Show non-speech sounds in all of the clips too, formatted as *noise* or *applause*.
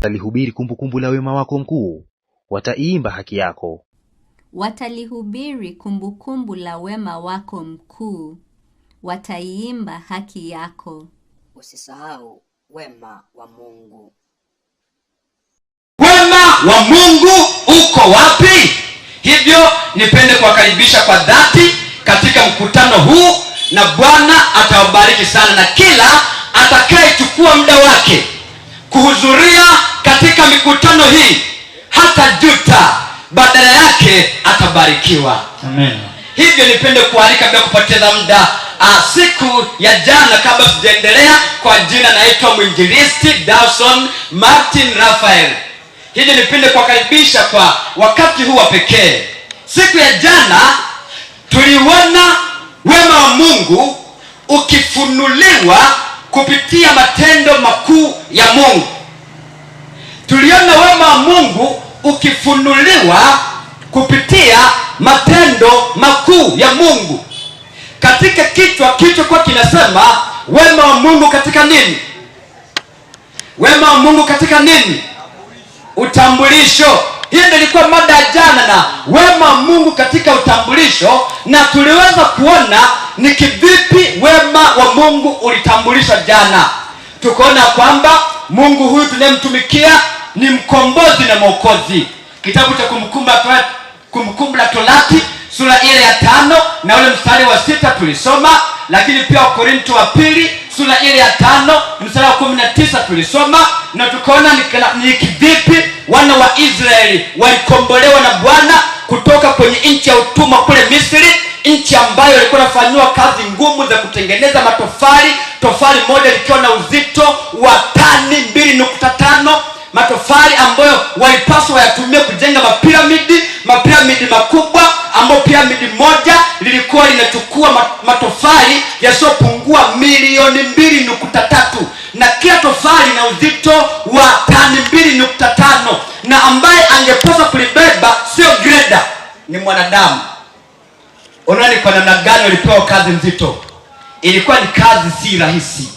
Watalihubiri kumbukumbu la wema wako mkuu, wataiimba haki yako. Watalihubiri kumbukumbu la wema wako mkuu, wataiimba haki yako. Usisahau wema wa Mungu. Wema wa Mungu uko wapi? Hivyo nipende kuwakaribisha kwa dhati katika mkutano huu, na Bwana atawabariki sana, na kila atakayechukua muda wake kuhudhuria mikutano hii hata juta, badala yake atabarikiwa. Amen. Hivyo nipende kualika bila kupoteza muda ah, siku ya jana kabla sijaendelea, kwa jina naitwa mwinjilisti Dawson Martin rafael Hivyo nipende kuwakaribisha kwa wakati huu wa pekee. Siku ya jana tuliona wema wa Mungu ukifunuliwa kupitia matendo makuu ya Mungu. Tuliona wema wa Mungu ukifunuliwa kupitia matendo makuu ya Mungu katika kichwa. Kichwa kwa kinasema wema wa Mungu katika nini? Wema wa Mungu katika nini? Utambulisho. Hiyo ndiyo ilikuwa mada ya jana, na wema wa Mungu katika utambulisho, na tuliweza kuona ni kivipi wema wa Mungu ulitambulishwa jana. Tukaona kwamba Mungu huyu tunayemtumikia ni mkombozi na mwokozi. Kitabu cha Kumbukumbu la Torati sura ile ya tano na ule mstari wa sita tulisoma, lakini pia Wakorinto wa pili sura ile ya tano mstari wa kumi na tisa tulisoma, na tukaona ni kivipi wana wa Israeli walikombolewa na Bwana kutoka kwenye nchi ya utumwa kule Misri, nchi ambayo ilikuwa inafanyiwa kazi ngumu za kutengeneza matofali, tofali moja likiwa na uzito wa tani mbili nukta tano matofali ambayo walipaswa wayatumia kujenga mapiramidi, mapiramidi makubwa, ambayo piramidi moja lilikuwa linachukua matofali yasiyopungua milioni mbili nukta tatu na kila tofali na uzito wa tani mbili nukta tano na ambaye angepaswa kulibeba sio greda, ni mwanadamu. unani kwa namna gani walipewa kazi nzito. Ilikuwa ni kazi si rahisi,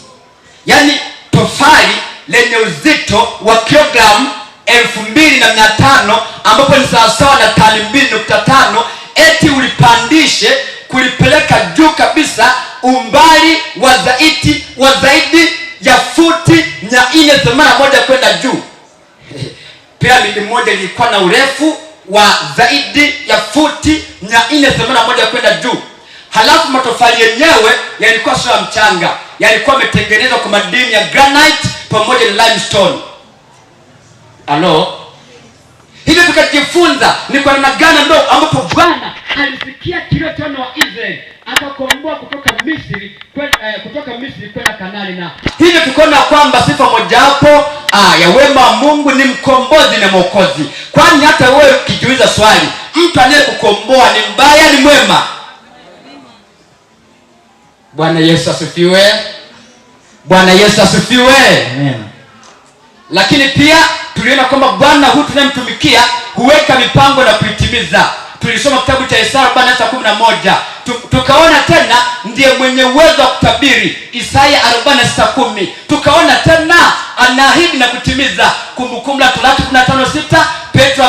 yaani tofali lenye uzito wa kilogramu elfu mbili na mia tano ambapo ni sawasawa na tani mbili nukta tano eti ulipandishe kulipeleka juu kabisa umbali wa zaidi wa zaidi ya futi mia nne themanini na moja kwenda juu. *laughs* Piramidi moja ilikuwa na urefu wa zaidi ya futi mia nne themanini na moja kwenda juu. Halafu matofali yenyewe yalikuwa sio ya mchanga, yalikuwa yametengenezwa kwa madini ya granite pamoja na limestone. Halo, hivyo tukajifunza ni kwa namna gani ndo ambapo Bwana alifikia kilio cha wana wa Israeli akakomboa kutoka Misri kwenda eh, kutoka Misri kwenda Kanani, na hivyo tukaona kwamba sifa mojawapo ah, ya wema wa Mungu ni mkombozi na mwokozi. Kwani hata wewe ukijiuliza swali, mtu anayekukomboa ni mbaya ni mwema? Bwana Yesu asifiwe. Bwana Yesu asifiwe. Amen. Lakini pia tuliona kwamba Bwana huyu tunayemtumikia huweka mipango na kuitimiza. Tulisoma kitabu cha Isaya moja tukaona tena ndiye mwenye uwezo wa kutabiri Isaya 46:10. Tukaona tena anaahidi na kutimiza Kumbukumbu la Torati 15:6, Petro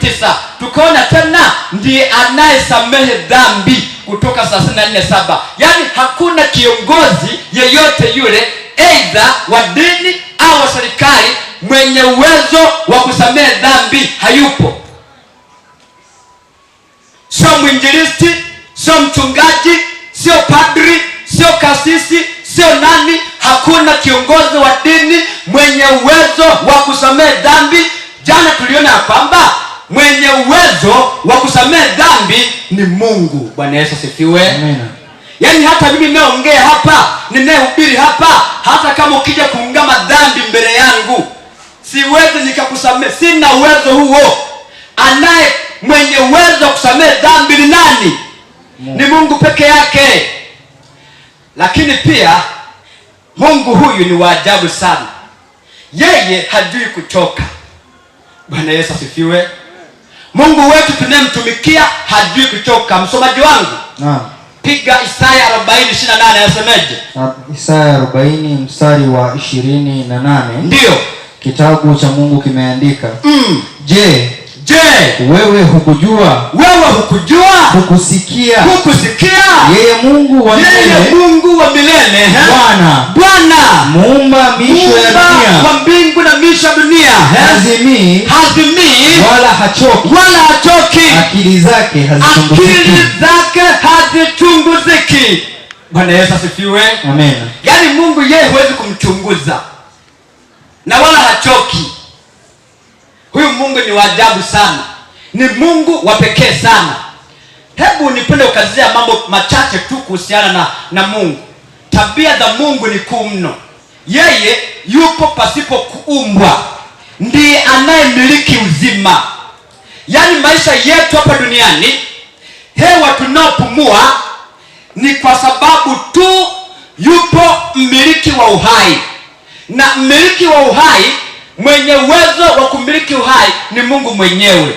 tisa Tukaona tena ndiye anayesamehe dhambi kutoka saba Yaani hakuna kiongozi yeyote yule aidha wa dini au wa serikali mwenye uwezo wa kusamehe dhambi hayupo. Sio mwinjilisti, sio mchungaji, sio padri, sio kasisi, sio nani. Hakuna kiongozi wa dini mwenye uwezo wa kusamehe dhambi. Jana tuliona ya kwamba mwenye uwezo wa kusamehe dhambi ni Mungu. Bwana Yesu asifiwe. Yaani hata mimi ninayeongea hapa, ninayehubiri hapa, hata kama ukija kuungama dhambi mbele yangu, siwezi nikakusamehe, sina uwezo huo. Anaye mwenye uwezo wa kusamehe dhambi ni nani? Mungu. Ni Mungu peke yake. Lakini pia Mungu huyu ni wa ajabu sana, yeye hajui kuchoka. Bwana Yesu asifiwe. Mungu wetu tunayemtumikia hajui kuchoka. Msomaji wangu, naam piga Isaya 40:28 yasemeje? Ah, Isaya 40 mstari wa 28, ndio kitabu cha Mungu kimeandika mm. Je, Je, wewe hukujua? Wewe hukujua? Hukusikia? Hukusikia? Yeye Mungu wa milele, yeye Mungu wa milele, Bwana Bwana muumba miisho ya dunia, wa mbingu na miisho ya dunia, hazimii, hazimii wala hachoki, wala hachoki, akili zake hazipunguki, akili zake halichunguziki. Bwana Yesu asifiwe, amen. Yaani Mungu yeye huwezi kumchunguza na wala hachoki. Huyu Mungu ni wa ajabu sana, ni Mungu wa pekee sana. Hebu nipende ukazia mambo machache tu kuhusiana na, na Mungu. Tabia za Mungu ni kuu mno. Yeye yupo pasipo kuumbwa, ndiye anayemiliki uzima. Yaani maisha yetu hapa duniani hewa tunaopumua ni kwa sababu tu yupo mmiliki wa uhai, na mmiliki wa uhai mwenye uwezo wa kumiliki uhai ni Mungu mwenyewe.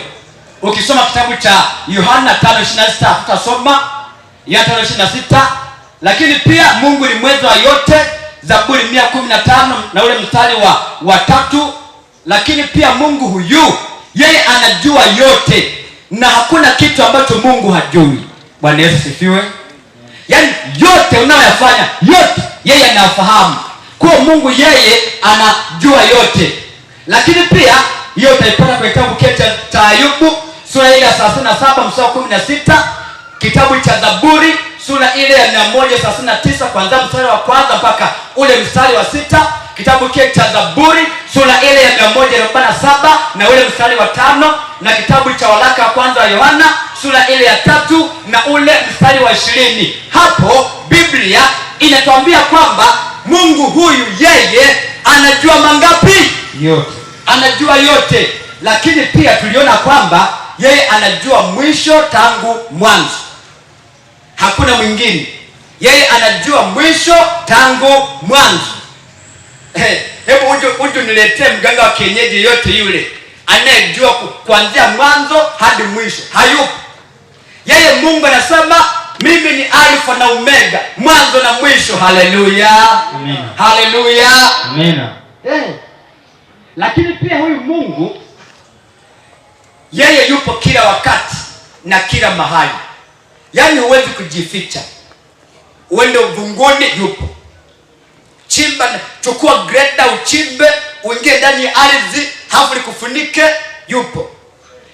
Ukisoma kitabu cha Yohana 5:26 utasoma ya 5:26, lakini pia Mungu ni mwezo wa yote, Zaburi 115 na ule mstari wa, wa tatu. Lakini pia Mungu huyu yeye anajua yote na hakuna kitu ambacho Mungu hajui. Bwana Yesu sifiwe. Yaani yote unayoyafanya yote yeye anafahamu. Kwa Mungu yeye anajua yote, lakini pia hiyo utaipata kwenye kitabu cha cha Ayubu sura ile ya 37 mstari wa 16, kitabu cha Zaburi sura ile ya 139 kuanzia mstari wa kwanza mpaka ule mstari wa sita, kitabu kile cha Zaburi sura ile ya 147 na ule mstari wa tano na kitabu cha waraka wa kwanza wa Yohana sura ile ya tatu na ule mstari wa ishirini. Hapo Biblia inatuambia kwamba Mungu huyu yeye anajua mangapi? Yote. Anajua yote, lakini pia tuliona kwamba yeye anajua mwisho tangu mwanzo, hakuna mwingine. Yeye anajua mwisho tangu mwanzo. *laughs* Hebu huju niletee mganga wa kienyeji yote yule anayejua kuanzia mwanzo hadi mwisho hayupo. Yeye Mungu anasema mimi ni Alfa na Omega, mwanzo na mwisho. Haleluya, haleluya, amina. Hey. Eh. Lakini pia huyu Mungu yeye yupo kila wakati na kila mahali, yaani huwezi kujificha. Uende uvunguni, yupo. Chimba, chukua greda, uchimbe, uingie ndani ya ardhi halafu likufunike yupo.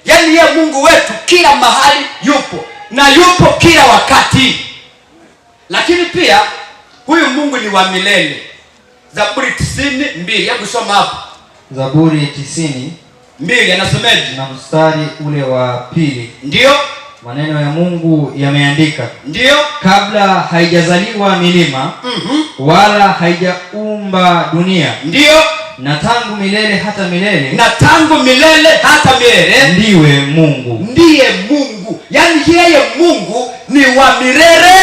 Yaani yeye Mungu wetu kila mahali yupo na yupo kila wakati, lakini pia huyu Mungu ni wa milele. Zaburi tisini mbili ya kusoma hapo, Zaburi tisini mbili anasomeje? Na mstari ule wa pili, ndiyo maneno ya Mungu yameandika, ndiyo kabla haijazaliwa milima mm -hmm. wala haijaumba dunia, ndiyo na tangu milele hata milele, na tangu milele hata milele, ndiwe Mungu, ndiye Mungu. Yani yeye Mungu ni wa milele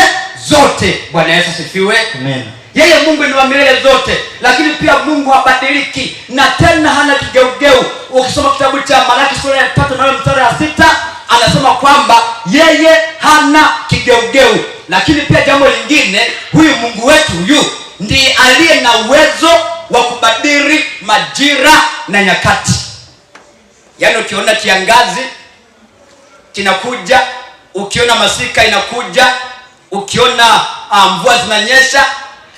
zote. Bwana Yesu asifiwe, amen. Yeye Mungu ni wa milele zote, lakini pia Mungu habadiliki na tena hana kigeugeu. Ukisoma kitabu cha Malaki sura ya tatu na mstari ya sita anasema kwamba yeye hana kigeugeu. Lakini pia jambo lingine, huyu Mungu wetu huyu ndiye aliye na uwezo wa kubadili majira na nyakati. Yaani ukiona kiangazi kinakuja, ukiona masika inakuja, ukiona ah, mvua zinanyesha,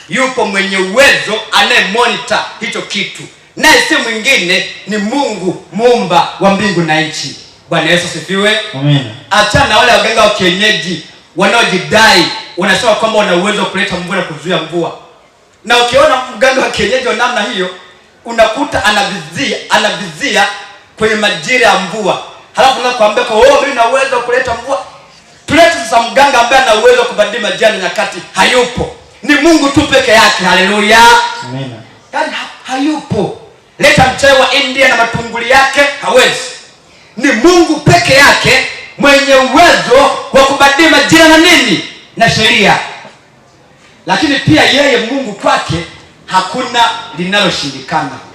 yupo mwenye uwezo anayemonita hicho kitu, naye si mwingine ni Mungu muumba wa mbingu na nchi. Bwana Yesu sifiwe, amen. Achana na wale waganga wa kienyeji wanaojidai wanasema kwamba wana uwezo wa kuleta mvua na kuzuia mvua na ukiona mganga wa kienyeji wa namna hiyo unakuta anavizia anavizia kwenye majira ya mvua, halafu nakwambia kwa wewe, mimi na uwezo kuleta mvua. Tulete sasa mganga ambaye ana uwezo kubadili majira nyakati, hayupo, ni Mungu tu peke yake. Haleluya, amina. Yani hayupo. Leta mchawi wa India na matunguli yake, hawezi. Ni Mungu peke yake mwenye uwezo wa kubadili majira na nini na sheria lakini pia yeye Mungu kwake hakuna linaloshindikana.